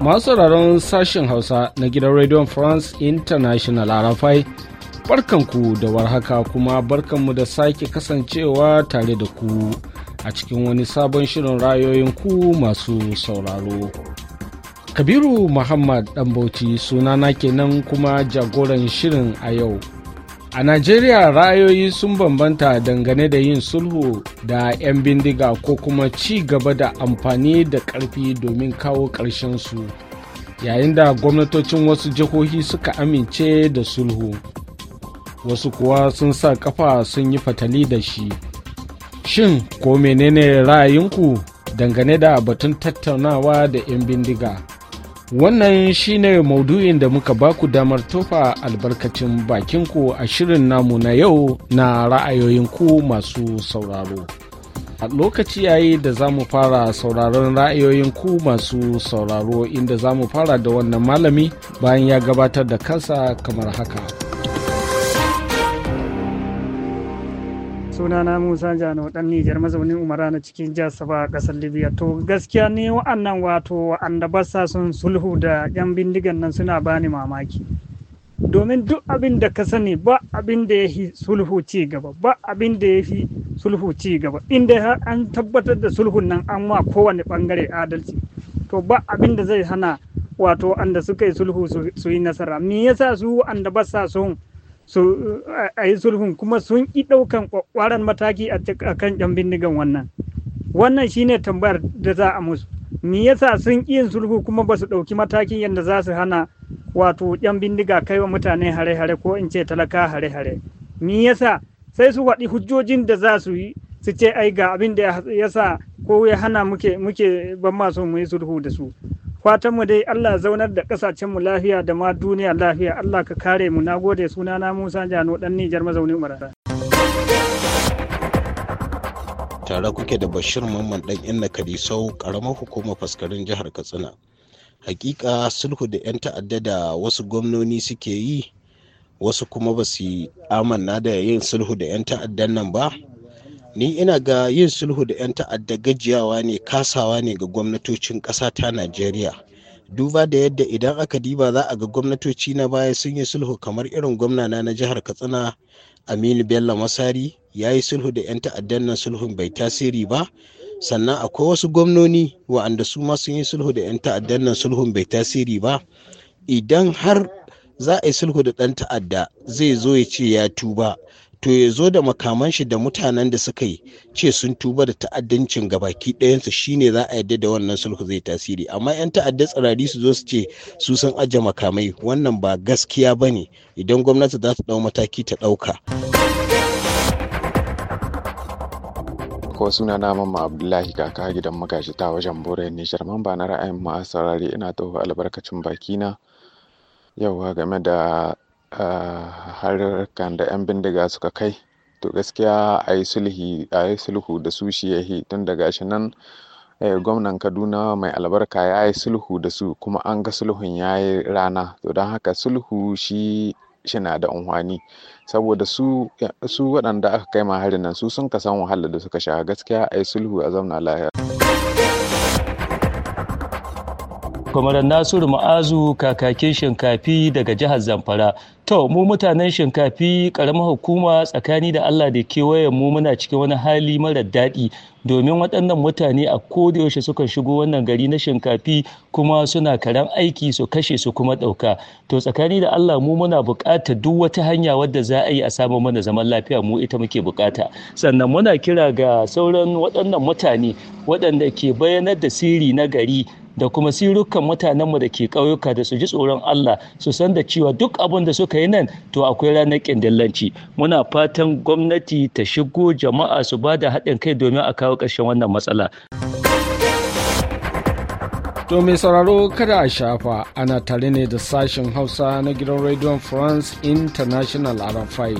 Masu sauraron sashen Hausa na gidan Radio France International Arafai, barkanku da warhaka kuma barkanmu da sake kasancewa tare da ku a cikin wani sabon shirin rayoyin ku masu sauraro. Kabiru Muhammad suna sunana kenan kuma jagoran shirin a yau. A Najeriya ra'ayoyi sun bambanta dangane da yin sulhu da 'yan bindiga ko kuma ci gaba da amfani da ƙarfi domin kawo ƙarshen su, yayin da gwamnatocin wasu jihohi suka amince da sulhu. Wasu kuwa sun sa kafa sun yi fatali da shi. Shin ko menene ra'ayinku dangane da batun tattaunawa da 'yan bindiga? Wannan shine maudu'in da muka baku damar tofa albarkacin bakinku a shirin namu na yau na ra'ayoyinku masu sauraro. A lokaci yayi da za mu fara sauraron ra'ayoyinku masu sauraro inda za mu fara da wannan malami bayan ya gabatar da kansa kamar haka. Suna na musa jano dan nijar mazaunin umara na cikin jihar saba a kasar libya to gaskiya ne wa'annan wato wa'anda ba sa son sulhu da yan bindigan nan suna bani mamaki domin duk abin da ka sani ba abin da ya fi sulhu ci gaba ba abin da ya fi sulhu ci gaba inda an tabbatar da sulhun nan an wa kowane bangare adalci to ba abin da zai hana wato anda suka yi sulhu su yi nasara me yasa su wa'anda ba sa son su a yi sulhun kuma sun ƙi ɗaukan ƙwaƙwaran mataki a kan ƴan bindigan wannan wannan shine tambayar da za a musu me yasa sun ƙi yin sulhu kuma ba su ɗauki matakin yadda za su hana wato ƴan bindiga kai wa mutane hare-hare ko in ce talaka hare-hare me yasa sai su waɗi hujjojin da za su yi su ce ai ga abin da ya sa ko ya hana muke muke ban ma mu yi sulhu da su fatanmu dai Allah zaunar da kasashen lafiya da ma duniya lafiya Allah ka kare mu na gode suna na Musa Jano dan Nijar mazaunin Umar tare kuke da Bashir Mamman dan Inna Kadisau karamar hukumar faskarin jihar Katsina hakika sulhu da 'yan ta'adda da wasu gwamnoni suke yi wasu kuma ba su amanna da yin sulhu da 'yan ta'addan nan ba ni ina ga yin sulhu da 'yan ta'adda gajiyawa ne kasawa ne ga gwamnatocin ƙasa ta najeriya duba da yadda idan aka diba za a ga gwamnatoci na baya sun yi sulhu kamar irin gwamnana na jihar katsina aminu bello masari ya yi sulhu da 'yan ta'addan nan sulhun bai tasiri ba sannan akwai wasu gwamnoni wa'anda su ma sun yi sulhu da 'yan ta'addan nan sulhun bai tasiri ba idan har za a yi sulhu da ɗan ta'adda zai zo ya ce ya tuba to ya zo da makaman shi da mutanen da suka yi ce sun tuba da ta'addancin gabaki ɗayansu shine za a yadda da wannan sulhu zai tasiri amma 'yan ta'adda tsirari su zo su ce su sun aje makamai wannan ba gaskiya ba ne idan gwamnati za ta ɗau mataki ta ɗauka. ko suna na ma abdullahi kaka gidan magashi ta wajen bora nijar man ba na ra'ayin ma'asarari ina tofa albarkacin bakina yauwa game da harkar da 'yan bindiga suka kai to gaskiya a yi sulhu da su shi yahi tun da gashi nan eh, gwamnan kaduna mai albarka ya yi sulhu da su kuma an ga sulhun ya yi rana to don haka sulhu shi shi na da unhwani saboda su waɗanda aka kai ma harin nan su sun kasan wahala da suka sha gaskiya a yi sulhu a zauna lahiya kwamaran nasiru ma'azu kakakin shinkafi daga jihar zamfara to mu mutanen shinkafi karamar hukuma tsakani da allah da kewayen mu muna cikin wani hali mara daɗi domin waɗannan mutane a kodayaushe suka shigo wannan gari na shinkafi kuma suna karan aiki su kashe su kuma ɗauka to tsakani da allah mu muna buƙata duk wata hanya wadda za a yi a samu mana zaman lafiya mu ita muke buƙata sannan muna kira ga sauran waɗannan mutane waɗanda ke bayanar da sirri na gari da kuma sirukan mutanenmu da ke ƙauyuka da su ji tsoron Allah su san da cewa duk abin da suka yi nan to akwai ranar ƙindillanci muna fatan gwamnati ta shigo jama'a su ba da haɗin kai domin a kawo ƙarshen wannan matsala. To mai sauraro kada a shafa ana tare ne da sashen Hausa na gidan Radio France International RFI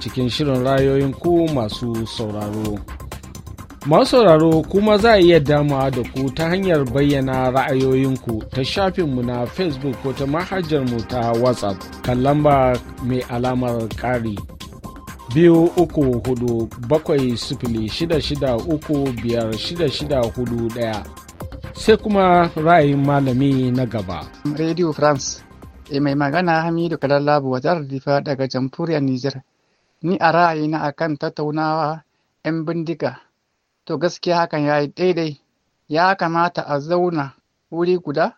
cikin shirin rayoyin ku masu sauraro. Masu sauraro kuma za a iya damuwa da ku ta hanyar bayyana ra'ayoyinku ta shafinmu na Facebook ko ta mu ta WhatsApp kan lamba mai alamar ƙari. Biyu uku hudu bakwai sifili shida shida uku biyar shida shida hudu ɗaya. Sai kuma ra'ayin malami na gaba. Radio France, e mai magana Hamidu Kalallabu wajen Rifa daga jamhuriyar Nijar. Ni a ra'ayi ra'ayina akan tattaunawa 'yan bindiga To gaskiya hakan ya yi daidai. Ya kamata a zauna wuri guda,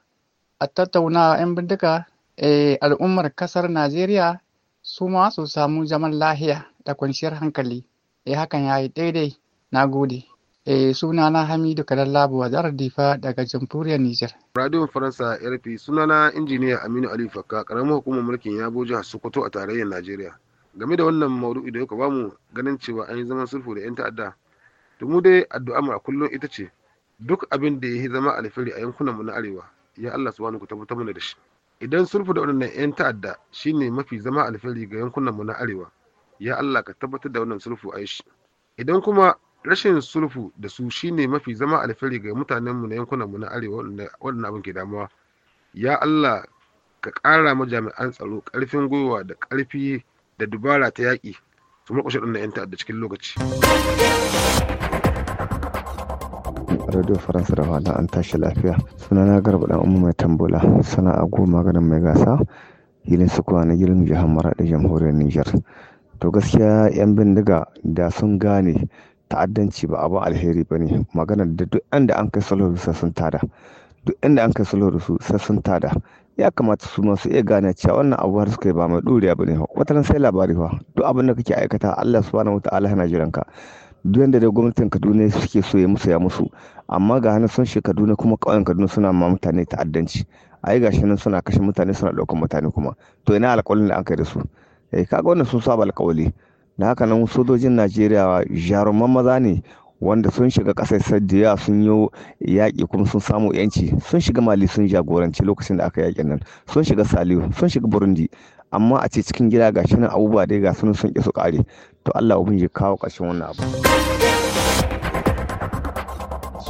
a tattauna 'yan bindiga eh, al'ummar kasar Najeriya su ma su samu zaman lahiya da kwanciyar hankali. E hakan ya yi daidai. Na gode. Eh na Hamidu Kalallabu wa Difa daga Jamhuriyar Nijar. Radio Faransa RP sunana Injiniya Aminu Ali Fakka karamar hukumar mulkin Yabo jihar Sokoto a tarayyar Najeriya. Game da wannan maudu'i da ka bamu ganin cewa an yi zaman sulhu da 'yan ta'adda to mu dai addu'a mu a kullum ita ce duk abin da ya zama alfiri a yankunan mu na arewa ya Allah subhanahu ku tabbata mana da shi idan sulhu da wannan 'yan ta'adda shine mafi zama alfiri ga yankunan mu na arewa ya Allah ka tabbatar da wannan sulhu a shi idan kuma rashin sulhu da su shine mafi zama alfiri ga mutanen mu na yankunan mu na arewa wannan abin ke damuwa ya Allah ka ƙara ma jami'an tsaro ƙarfin gwiwa da ƙarfi da dubara ta yaƙi su murƙushe ɗin na 'yan ta'adda cikin lokaci. radio faransa da wala an tashi lafiya sunana garba dan umma mai tambola a goma ganin mai gasa hilin sukuwa na girin jihar maraɗi jamhuriyar niger to gaskiya yan bindiga da sun gane ta'addanci ba abin alheri ba ne magana da duk inda an kai salo sun tada duk inda an kai sun tada ya kamata su masu iya gane cewa wannan abu har suka yi ba mai ɗuriya ba ne wata sai labari fa duk abin da kake aikata Allah subhanahu Allah yana jiran ka duk yanda da gwamnatin Kaduna suke so ya musu ya musu amma ga hannun sun Kaduna kuma ƙauyen Kaduna suna ma mutane ta'addanci ai gashi nan suna kashe mutane suna ɗaukar mutane kuma to ina alƙawarin da an kai da su eh kaga wannan sun saba alƙawari? da haka nan sojojin Najeriya jaruman maza ne wanda sun shiga ƙasar sadiya sun yi yaƙi kuma sun samu yanci sun shiga mali sun jagoranci lokacin da aka yaƙin nan sun shiga saliu sun shiga burundi amma a ce cikin gida ga shi nan abubuwa dai ga sun sun ƙi su ƙare to allah ubin ya kawo ƙarshen wannan abu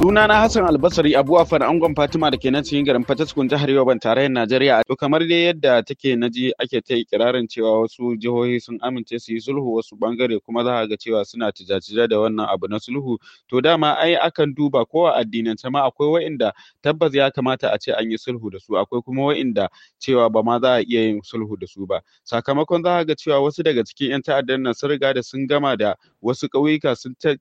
Sunana Hassan Albasari Abu fara Angon Fatima da ke nan cikin garin Fataskun jihar Yoban tarayyar Najeriya. To kamar dai yadda take naji ake ta ikirarin cewa wasu jihohi sun amince su yi sulhu wasu bangare kuma za ga cewa suna tijatija da wannan abu na sulhu. To dama ai akan duba ko a addinance ma akwai wa'inda tabbas ya kamata a ce an yi sulhu da su akwai kuma wa'inda cewa ba ma za a iya yin sulhu da su ba. Sakamakon za ga cewa wasu daga cikin 'yan ta'addan nan sun riga da sun gama da wasu ƙauyuka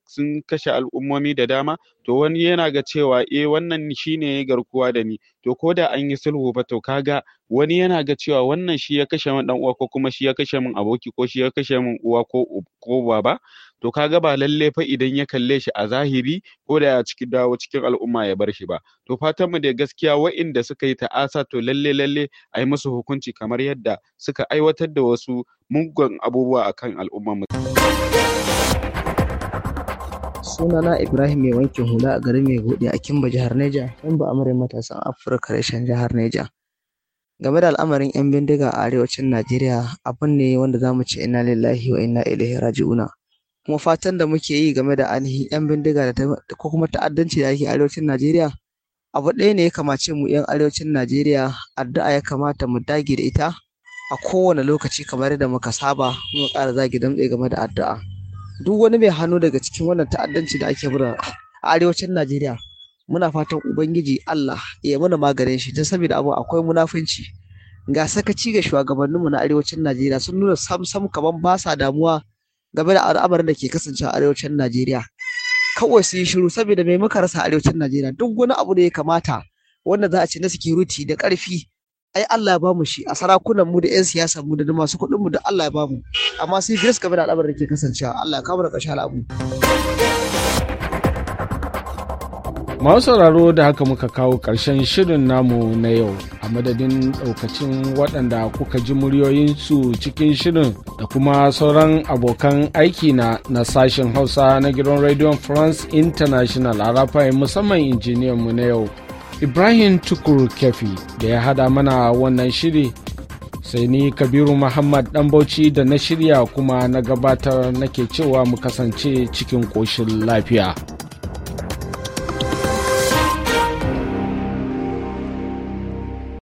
sun kashe al'ummomi da dama to wani yana ga cewa eh wannan shine yayi garkuwa da ni to ko da an yi sulhu ba to kaga wani yana ga cewa wannan shi ya kashe min dan uwa ko kuma shi ya kashe min aboki ko shi ya kashe min uwa ko ko baba to kaga ba lalle fa idan ya kalle shi a zahiri ko da ya ciki dawo cikin al'umma ya bar shi ba to fatan mu da gaskiya wa'inda suka yi ta'asa to lalle lalle a yi musu hukunci kamar yadda suka aiwatar da wasu mugun abubuwa akan al'ummar mu sunana ibrahim mai wankin hula a garin mai gode a kimba jihar neja yan ba amurin matasan afirka reshen jihar neja game da al'amarin yan bindiga a arewacin najeriya abin ne wanda za mu ce ina lillahi wa inna ilaihi raji'una kuma fatan da muke yi game da ainihin yan bindiga da ko kuma ta'addanci da ake arewacin najeriya abu ɗaya ne ya kamace mu yan arewacin najeriya addu'a ya kamata mu dage da ita a kowane lokaci kamar da muka saba muka ƙara zagi damtse game da addu'a duk wani mai hannu daga cikin wannan ta'addanci da ake muna a arewacin Najeriya muna fatan ubangiji Allah ya mana maganin shi don saboda abu akwai munafunci ga sakaci ga shugabannin mu na arewacin Najeriya sun nuna sam-sam kaman ba sa damuwa game da al'amarin da ke kasancewa arewacin Najeriya kawai su yi shiru saboda mai muka rasa arewacin Najeriya duk wani abu da ya kamata wanda za a ce na security da ƙarfi ai Allah ya ba mu shi a sarakunan mu da yan siyasa mu da masu kuɗin mu da Allah ya ba mu amma sai grace game da al'amarin da ke kasancewa Allah ya kawo da ƙarshen al'abu Masu sauraro da haka muka kawo ƙarshen shirin namu na yau a madadin ɗaukacin waɗanda kuka ji muryoyinsu cikin shirin da kuma sauran abokan aiki na na sashen Hausa na gidan Radio France International a rafayin musamman injiniyan mu na yau ibrahim tukur kefi da ya hada mana wannan shiri sai ni kabiru muhammad dan bauchi da na shirya kuma na gabatar nake cewa mu kasance cikin ƙoshin lafiya.